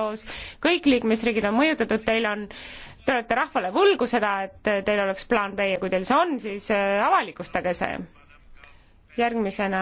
ajaloos, kõik liikmesriigid on mõjutatud, teil on Te olete rahvale võlgu seda, et teil oleks plaan B ja kui teil see on, siis äh, avalikustage see. järgmisena